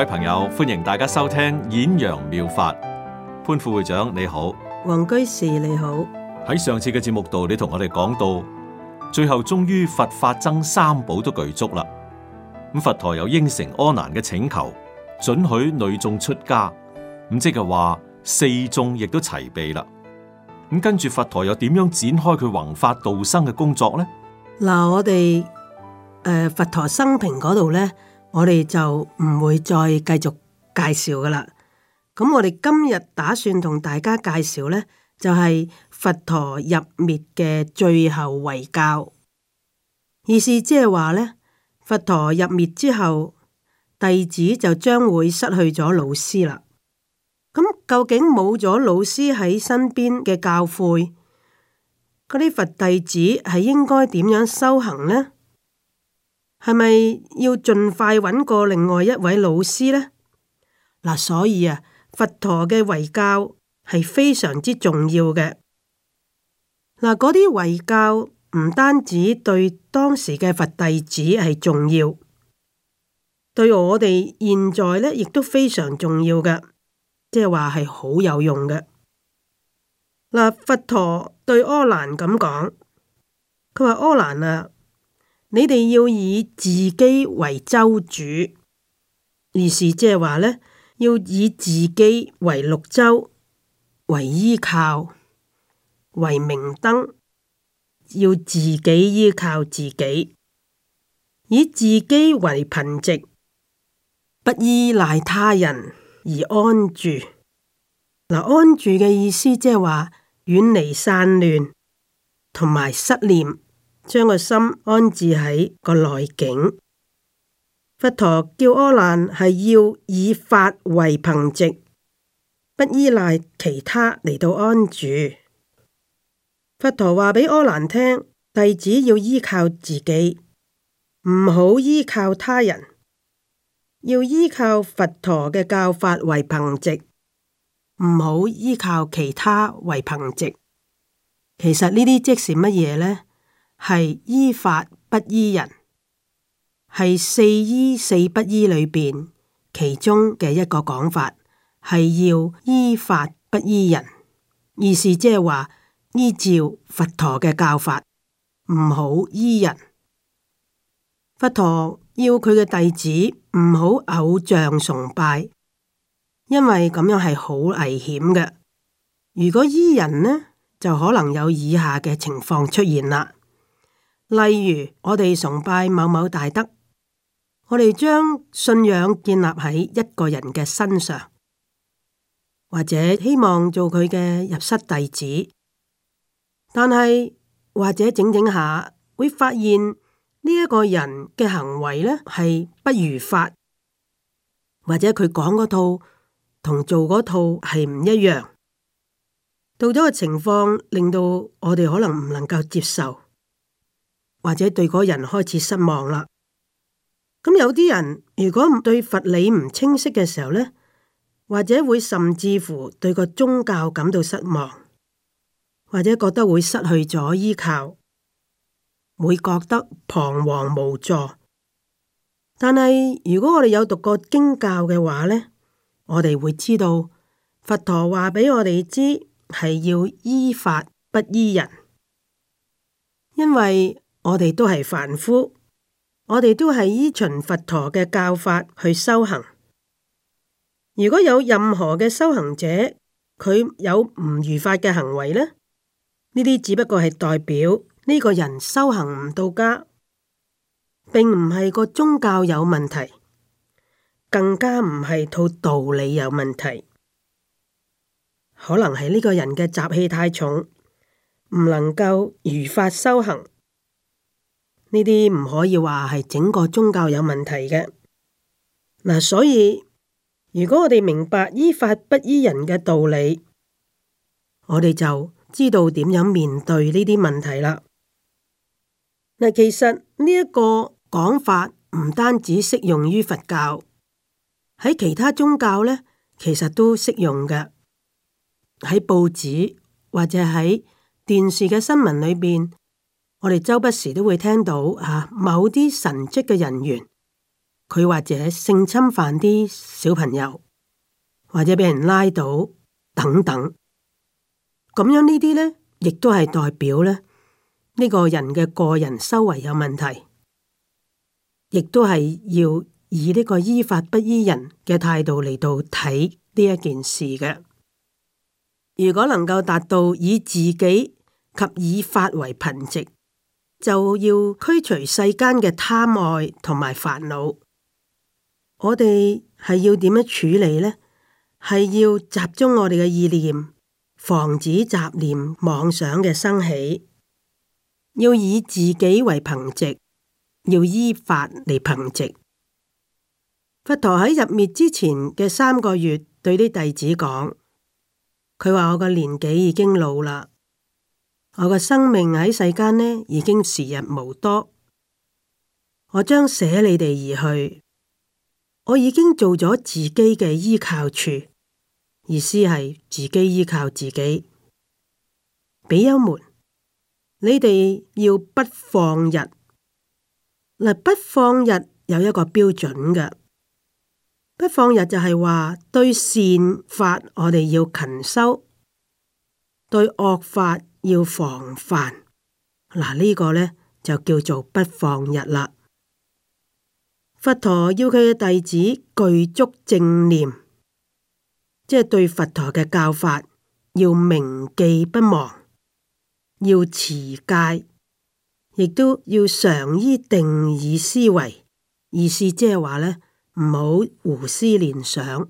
各位朋友，歡迎大家收聽《演揚妙，妙法》。潘副會長你好，王居士你好。喺上次嘅節目度，你同我哋講到，最後終於佛法僧三寶都具足啦。咁佛陀有應承阿難嘅請求，准許女眾出家。咁即係話四眾亦都齊備啦。咁跟住佛陀又點樣展開佢弘法度生嘅工作咧？嗱，我哋誒佛陀生平嗰度咧。我哋就唔會再繼續介紹噶啦。咁我哋今日打算同大家介紹呢，就係佛陀入滅嘅最後遺教，意思即係話呢，佛陀入滅之後，弟子就將會失去咗老師啦。咁究竟冇咗老師喺身邊嘅教誨，嗰啲佛弟子係應該點樣修行呢？係咪要盡快揾過另外一位老師呢？嗱、啊，所以啊，佛陀嘅遺教係非常之重要嘅。嗱、啊，嗰啲遺教唔單止對當時嘅佛弟子係重要，對我哋現在呢亦都非常重要嘅，即係話係好有用嘅。嗱、啊，佛陀對阿難咁講，佢話阿難啊。你哋要以自己為洲主，而是即係話呢，要以自己為綠洲，為依靠，為明燈，要自己依靠自己，以自己為憑藉，不依賴他人而安住。嗱，安住嘅意思即係話遠離散亂同埋失念。將個心安置喺個內境。佛陀叫阿難係要以法為憑藉，不依賴其他嚟到安住。佛陀話俾阿難聽，弟子要依靠自己，唔好依靠他人，要依靠佛陀嘅教法為憑藉，唔好依靠其他為憑藉。其實呢啲即是乜嘢呢？係依法不依人，係四依四不依裏邊其中嘅一個講法，係要依法不依人。意思即係話依照佛陀嘅教法，唔好依人。佛陀要佢嘅弟子唔好偶像崇拜，因為咁樣係好危險嘅。如果依人呢，就可能有以下嘅情況出現啦。例如，我哋崇拜某某大德，我哋將信仰建立喺一個人嘅身上，或者希望做佢嘅入室弟子。但係或者整整下，會發現呢一個人嘅行為咧係不如法，或者佢講嗰套同做嗰套係唔一樣。到咗個情況，令到我哋可能唔能夠接受。或者對嗰人開始失望啦。咁有啲人如果對佛理唔清晰嘅時候呢，或者會甚至乎對個宗教感到失望，或者覺得會失去咗依靠，會覺得彷徨無助。但係如果我哋有讀過經教嘅話呢，我哋會知道佛陀話俾我哋知係要依法不依人，因為，我哋都係凡夫，我哋都係依循佛陀嘅教法去修行。如果有任何嘅修行者，佢有唔如法嘅行為呢，呢啲只不過係代表呢個人修行唔到家，並唔係個宗教有問題，更加唔係套道理有問題。可能係呢個人嘅習氣太重，唔能夠如法修行。呢啲唔可以話係整個宗教有問題嘅，嗱，所以如果我哋明白依法不依人嘅道理，我哋就知道點樣面對呢啲問題啦。嗱，其實呢一個講法唔單止適用於佛教，喺其他宗教呢，其實都適用嘅。喺報紙或者喺電視嘅新聞裏邊。我哋周不時都會聽到啊，某啲神職嘅人員，佢或者性侵犯啲小朋友，或者俾人拉到等等，咁樣呢啲呢，亦都係代表呢，呢個人嘅個人修為有問題，亦都係要以呢個依法不依人嘅態度嚟到睇呢一件事嘅。如果能夠達到以自己及以法為憑藉。就要驅除世間嘅貪愛同埋煩惱，我哋係要點樣處理呢？係要集中我哋嘅意念，防止雜念妄想嘅生起，要以自己為憑藉，要依法嚟憑藉。佛陀喺入滅之前嘅三個月，對啲弟子講：佢話我個年紀已經老啦。我嘅生命喺世間呢，已經時日無多，我將捨你哋而去。我已經做咗自己嘅依靠處，意思係自己依靠自己。比丘們，你哋要不放逸嗱，不放逸有一個標準㗎，不放逸就係話，對善法，我哋要勤修；對惡法。要防範嗱，呢、呢個呢，就叫做不放逸啦。佛陀要佢嘅弟子具足正念，即係對佛陀嘅教法要銘記不忘，要持戒，亦都要常依定意思維。意思即係話呢，唔好胡思亂想，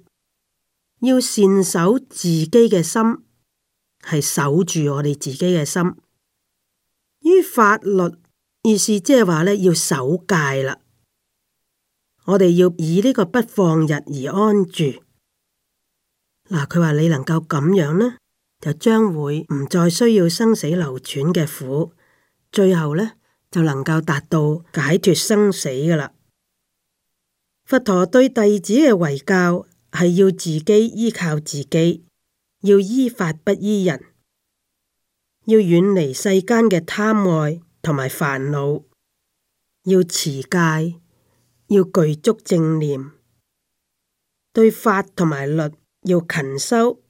要善守自己嘅心。係守住我哋自己嘅心，於法律，意思即係話呢，要守戒啦。我哋要以呢個不放逸而安住。嗱，佢話你能夠咁樣呢，就將會唔再需要生死流轉嘅苦。最後呢，就能夠達到解脫生死噶啦。佛陀對弟子嘅遺教係要自己依靠自己。要依法不依人，要遠離世間嘅貪愛同埋煩惱，要持戒，要具足正念，對法同埋律要勤修，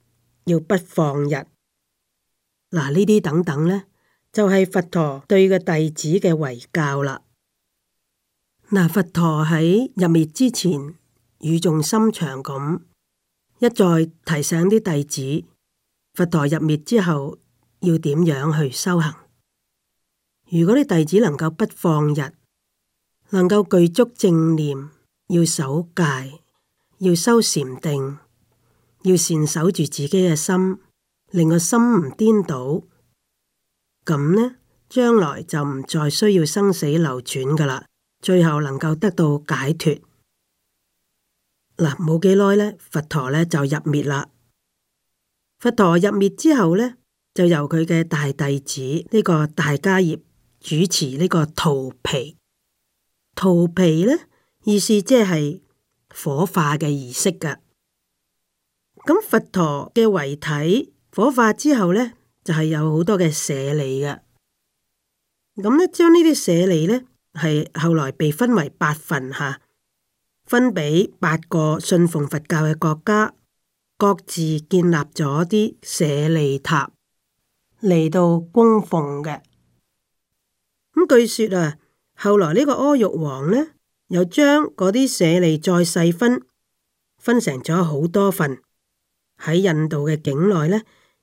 要不放逸。嗱，呢啲等等呢，就係、是、佛陀對嘅弟子嘅遺教啦。嗱，佛陀喺入滅之前語重心長咁，一再提醒啲弟子，佛陀入滅之後要點樣去修行？如果啲弟子能夠不放逸，能夠具足正念，要守戒，要修禪定，要善守住自己嘅心，令個心唔顛倒，咁呢，將來就唔再需要生死流轉噶啦，最後能夠得到解脱。嗱，冇幾耐呢，佛陀呢就入滅啦。佛陀入滅之後呢，就由佢嘅大弟子呢，這個大迦葉主持呢個荼毗。荼毗呢，意思即係火化嘅儀式噶。咁佛陀嘅遺體火化之後呢，就係、是、有好多嘅舍利噶。咁呢，將呢啲舍利呢，係後來被分為八份吓。分俾八個信奉佛教嘅國家，各自建立咗啲舍利塔嚟到供奉嘅。咁據說啊，後來呢個阿育王呢，又將嗰啲舍利再細分，分成咗好多份喺印度嘅境內呢，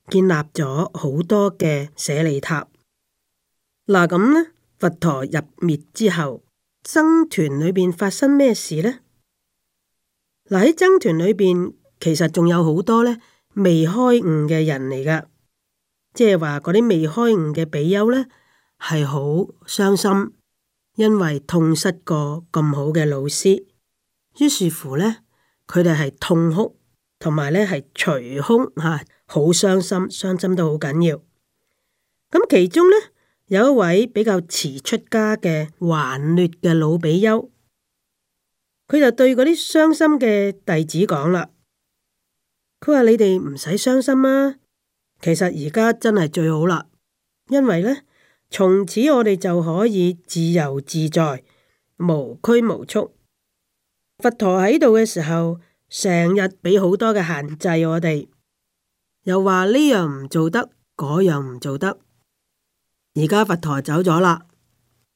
建立咗好多嘅舍利塔。嗱咁呢，佛陀入滅之後，僧團裏邊發生咩事呢？嗱喺僧團裏邊，其實仲有好多咧未開悟嘅人嚟噶，即係話嗰啲未開悟嘅比丘咧，係好傷心，因為痛失過咁好嘅老師，於是乎咧，佢哋係痛哭，同埋咧係捶胸吓，好、啊、傷心，傷心都好緊要。咁其中咧有一位比較遲出家嘅頑劣嘅老比丘。佢就對嗰啲傷心嘅弟子講啦，佢話你哋唔使傷心啊，其實而家真係最好啦，因為呢，從此我哋就可以自由自在、無拘無束。佛陀喺度嘅時候，成日俾好多嘅限制，我哋，又話呢樣唔做得，嗰樣唔做得。而家佛陀走咗啦，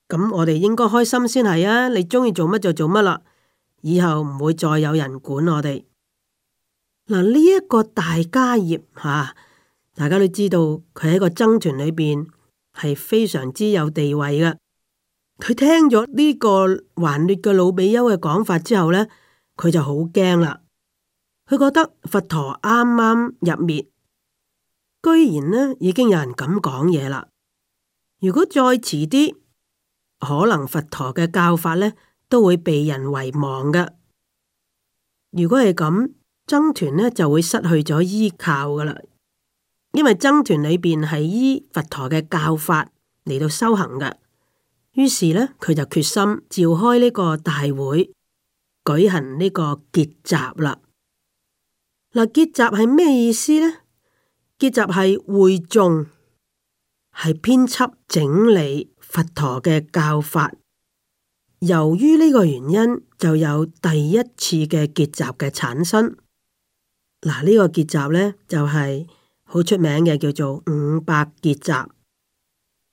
咁我哋應該開心先係啊！你中意做乜就做乜啦。以後唔會再有人管我哋。嗱，呢、這、一個大迦葉吓、啊，大家都知道佢喺個僧團裏邊係非常之有地位嘅。佢聽咗呢個橫劣嘅老比丘嘅講法之後呢，佢就好驚啦。佢覺得佛陀啱啱入滅，居然呢已經有人咁講嘢啦。如果再遲啲，可能佛陀嘅教法呢。都會被人遺忘噶。如果係咁，僧團呢就會失去咗依靠噶啦。因為僧團裏邊係依佛陀嘅教法嚟到修行噶。於是呢，佢就決心召開呢個大會，舉行呢個結集啦。嗱，結集係咩意思呢？結集係會眾，係編輯整理佛陀嘅教法。由於呢個原因，就有第一次嘅結集嘅產生。嗱，呢個結集呢，就係好出名嘅，叫做五百結集，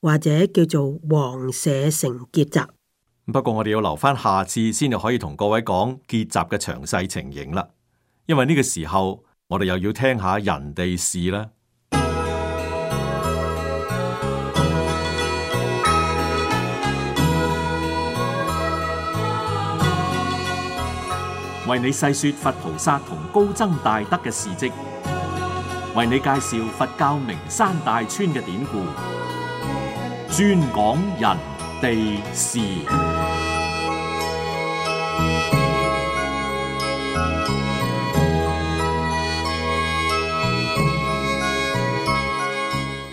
或者叫做王舍城結集。不過我哋要留翻下次先，就可以同各位講結集嘅詳細情形啦。因為呢個時候我哋又要聽下人哋事啦。為你細說佛菩薩同高僧大德嘅事蹟，為你介紹佛教名山大川嘅典故，專講人地事。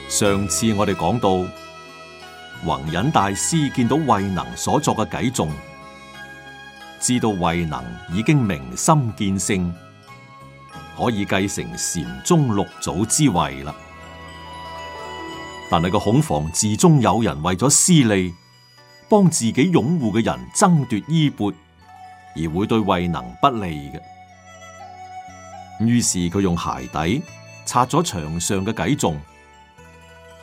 上次我哋講到，弘忍大師見到慧能所作嘅偈頌。知道慧能已經明心見性，可以繼承禪宗六祖之位啦。但係個恐防寺中有人為咗私利，幫自己擁護嘅人爭奪衣缽，而會對慧能不利嘅。於是佢用鞋底拆咗牆上嘅偈頌，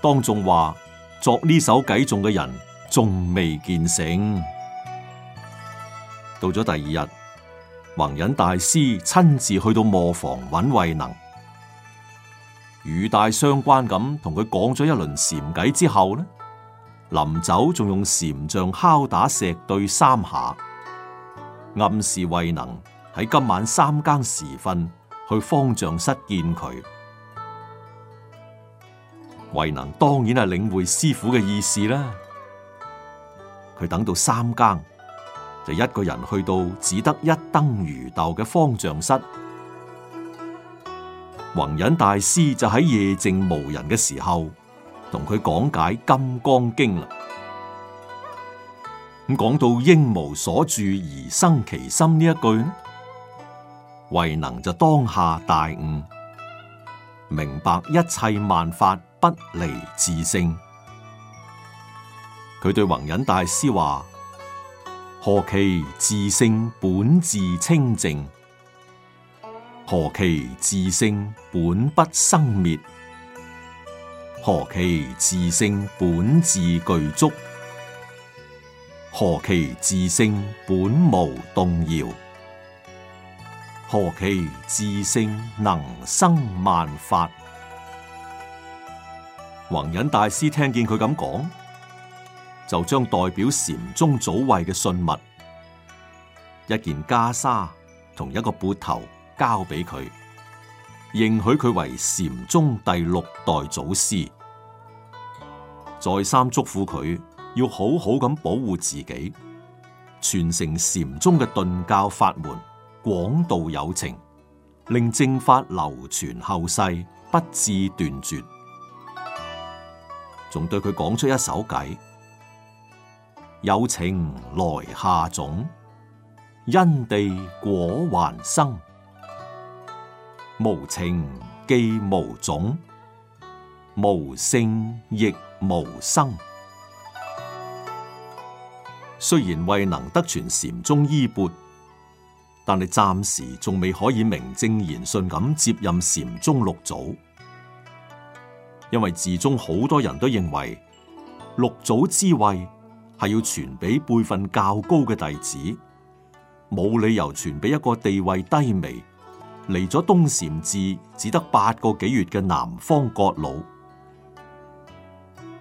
當眾話：作呢首偈頌嘅人仲未見性。到咗第二日，弘忍大師親自去到磨房搵慧能，語帶相關咁同佢講咗一輪禪偈之後呢，臨走仲用禪杖敲打石碓三下，暗示慧能喺今晚三更時分去方丈室見佢。慧能當然係領會師父嘅意思啦，佢等到三更。就一個人去到只得一燈如豆嘅方丈室，弘忍大師就喺夜靜無人嘅時候，同佢講解《金剛經》啦。咁講到應無所住而生其心呢一句，慧能就當下大悟，明白一切萬法不離自性。佢對弘忍大師話。何其自性本自清淨，何其自性本不生滅，何其自性本自具足，何其自性本無動搖，何其自性能生萬法。弘忍大師聽見佢咁講。就將代表禪宗祖位嘅信物，一件袈裟同一個缽頭交俾佢，認許佢為禪宗第六代祖師，再三囑咐佢要好好咁保護自己，傳承禪宗嘅頓教法門，廣度有情，令正法流傳後世，不至斷絕，仲對佢講出一首偈。有情來下種，因地果還生。無情既無種，無性亦無生。雖然未能得傳禪宗衣缽，但係暫時仲未可以名正言順咁接任禪宗六祖，因為寺中好多人都認為六祖之位。係要傳俾輩分較高嘅弟子，冇理由傳俾一個地位低微、嚟咗東禪寺只得八個幾月嘅南方獦獠。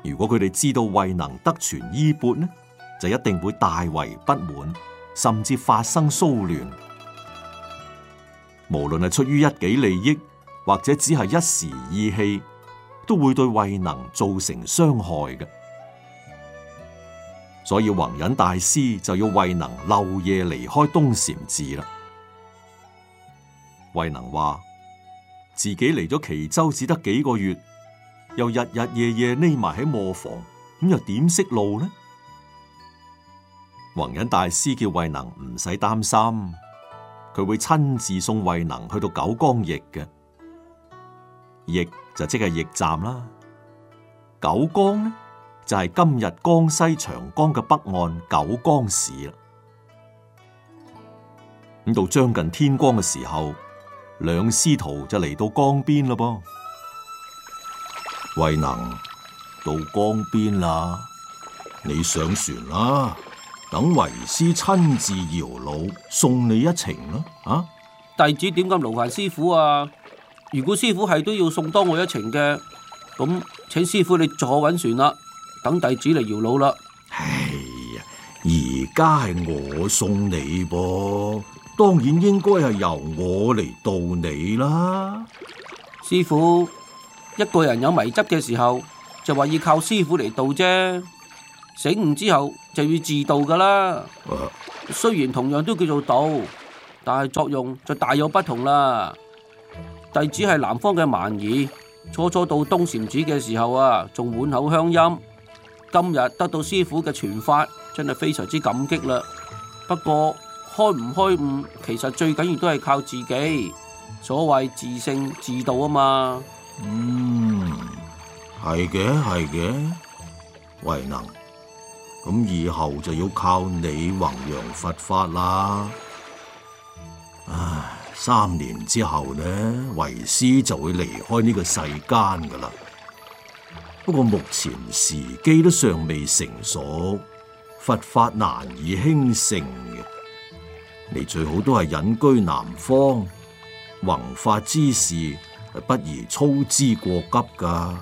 如果佢哋知道慧能得傳衣缽呢，就一定會大為不滿，甚至發生騷亂。無論係出於一己利益，或者只係一時意氣，都會對慧能造成傷害嘅。所以弘忍大師就要慧能漏夜離開東禪寺啦。慧能話：自己嚟咗岐州只得幾個月，又日日夜夜匿埋喺磨房，咁又點識路呢？弘忍大師叫慧能唔使擔心，佢會親自送慧能去到九江驛嘅。驛就即係驛站啦。九江呢？就係今日江西長江嘅北岸九江市啦。咁到將近天光嘅時候，兩師徒就嚟到江邊啦，噃。慧能到江邊啦，你上船啦，等為師親自搖櫓送你一程啦。啊！弟子點敢勞煩師傅啊？如果師傅係都要送多我一程嘅，咁請師傅你坐穩船啦。等弟子嚟搖橹啦！哎呀，而家係我送你噃，當然應該係由我嚟度你啦。師父，一個人有迷執嘅時候，就話要靠師父嚟度啫。醒悟之後，就要自度噶啦。啊、雖然同樣都叫做度，但係作用就大有不同啦。弟子係南方嘅蠻夷，初初到東禪寺嘅時候啊，仲滿口鄉音。今日得到師傅嘅傳法，真係非常之感激啦。不過開唔開悟，其實最緊要都係靠自己，所謂自性自度啊嘛。嗯，係嘅係嘅，慧能，咁以後就要靠你弘揚佛法啦。唉，三年之後呢，為師就會離開呢個世間噶啦。不過目前時機都尚未成熟，佛法難以興盛嘅，你最好都係隱居南方，弘法之事係不宜操之過急噶。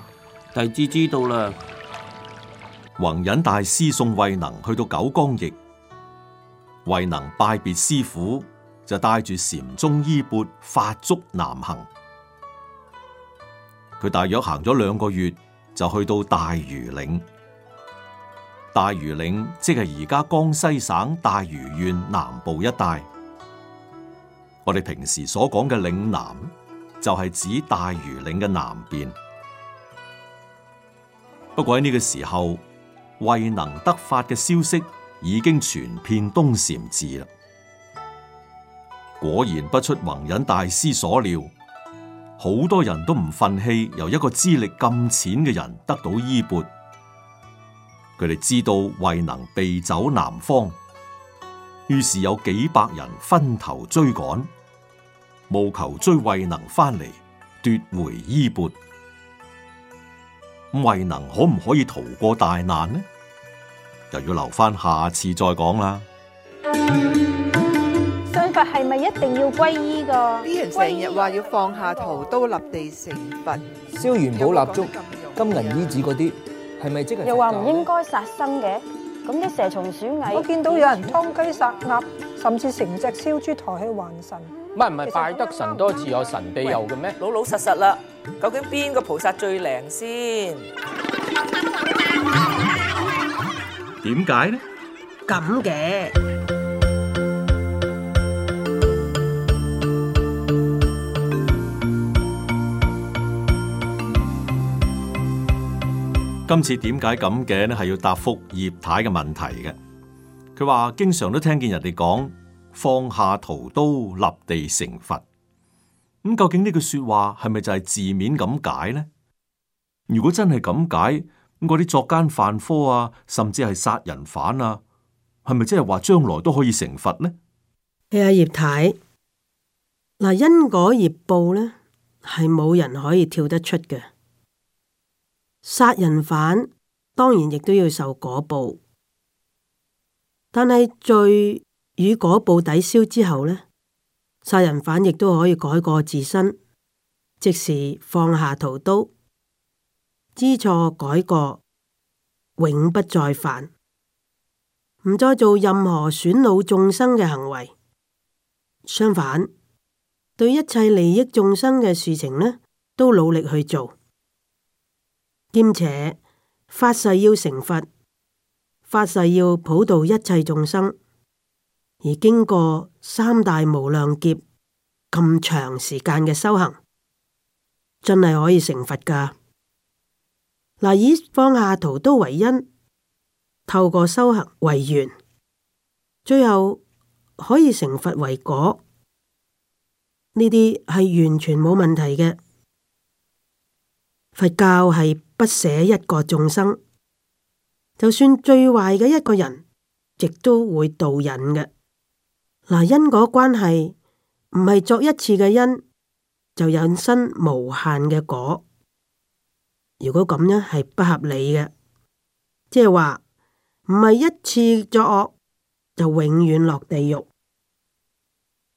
弟子知道啦。弘忍大師送慧能去到九江驛，慧能拜別師傅，就帶住禪宗衣缽發足南行。佢大約行咗兩個月。就去到大庾嶺，大庾嶺即係而家江西省大庾縣南部一帶。我哋平時所講嘅嶺南，就係指大庾嶺嘅南邊。不過喺呢個時候，慧能得法嘅消息已經傳遍東禪寺啦。果然不出弘忍大師所料。好多人都唔忿氣，由一個資歷咁淺嘅人得到衣缽。佢哋知道慧能避走南方，於是有幾百人分頭追趕，務求追慧能翻嚟奪回衣缽。咁慧能可唔可以逃過大難呢？又要留翻下，下次再講啦。係咪一定要皈依噶？呢啲人成日話要放下屠刀，立地成佛，燒元寶蠟燭、金銀衣紙嗰啲，係咪即係？又話唔應該殺生嘅，咁啲蛇蟲鼠蟻，我見到有人劏雞殺鴨，甚至成隻燒豬抬去還神，乜唔係拜得神多自有神庇佑嘅咩？老老實實啦，究竟邊個菩薩最靈先？點解呢？咁嘅。今次點解咁嘅咧？係要答覆葉太嘅問題嘅。佢話經常都聽見人哋講放下屠刀，立地成佛。咁、嗯、究竟呢句說話係咪就係字面咁解呢？如果真係咁解，咁啲作奸犯科啊，甚至係殺人犯啊，係咪即係話將來都可以成佛呢？係啊、嗯，葉太嗱、嗯、因果業報呢，係冇人可以跳得出嘅。殺人犯當然亦都要受果報，但係罪與果報抵消之後呢，殺人犯亦都可以改過自新，即時放下屠刀，知錯改過，永不再犯，唔再做任何損惱眾生嘅行為。相反，對一切利益眾生嘅事情呢，都努力去做。兼且發誓要成佛，發誓要普渡一切眾生，而經過三大無量劫咁長時間嘅修行，真係可以成佛㗎。嗱，以放下屠刀為因，透過修行為緣，最後可以成佛為果，呢啲係完全冇問題嘅。佛教係。不捨一個眾生，就算最壞嘅一個人，亦都會導引嘅。嗱，因果關係唔係作一次嘅因就引申無限嘅果。如果咁樣係不合理嘅，即係話唔係一次作惡就永遠落地獄，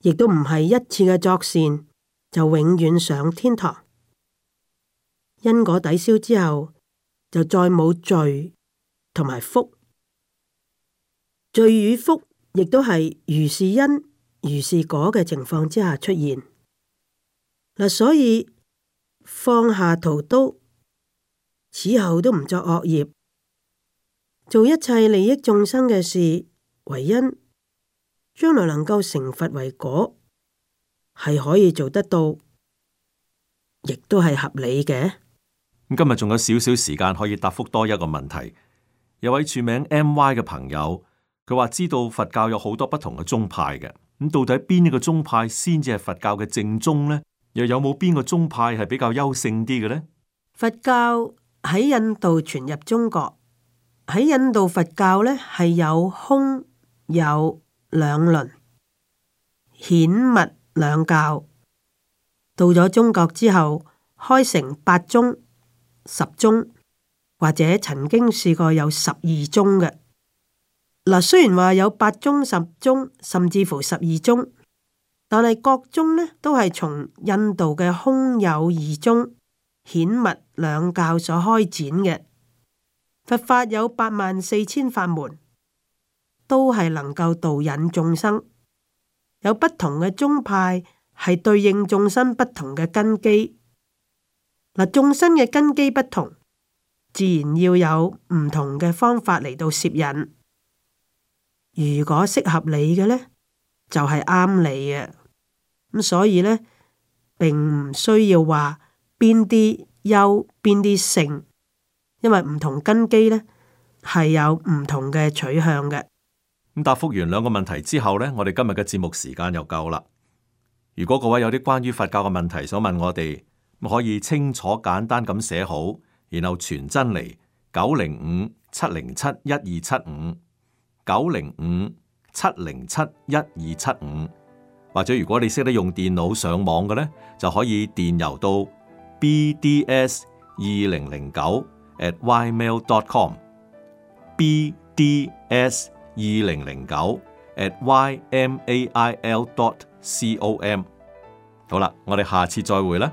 亦都唔係一次嘅作善就永遠上天堂。因果抵消之後，就再冇罪同埋福。罪與福亦都係如是因如是果嘅情況之下出現。嗱、啊，所以放下屠刀，此後都唔作惡業，做一切利益眾生嘅事，為因，將來能夠成佛為果，係可以做得到，亦都係合理嘅。咁今日仲有少少時間可以答覆多一個問題。有位署名 M.Y. 嘅朋友，佢話知道佛教有好多不同嘅宗派嘅。咁到底邊一個宗派先至係佛教嘅正宗呢？又有冇邊個宗派係比較優勝啲嘅呢？佛教喺印度傳入中國，喺印度佛教呢係有空有兩輪顯密兩教，到咗中國之後開成八宗。十宗，或者曾經試過有十二宗嘅。嗱，雖然話有八宗、十宗，甚至乎十二宗，但係各宗呢都係從印度嘅空有二宗顯密兩教所開展嘅。佛法有八萬四千法門，都係能夠導引眾生，有不同嘅宗派係對應眾生不同嘅根基。嗱，眾生嘅根基不同，自然要有唔同嘅方法嚟到攝引。如果適合你嘅呢，就係啱你嘅。咁所以呢，並唔需要話邊啲優、邊啲勝，因為唔同根基呢，係有唔同嘅取向嘅。咁答覆完兩個問題之後呢，我哋今日嘅節目時間又夠啦。如果各位有啲關於佛教嘅問題，想問我哋。咁可以清楚簡單咁寫好，然後傳真嚟，九零五七零七一二七五九零五七零七一二七五。或者如果你識得用電腦上網嘅咧，就可以電郵到 bds 二零零九 at ymail dot com bds 二零零九 at y m a i l dot c o m。好啦，我哋下次再會啦。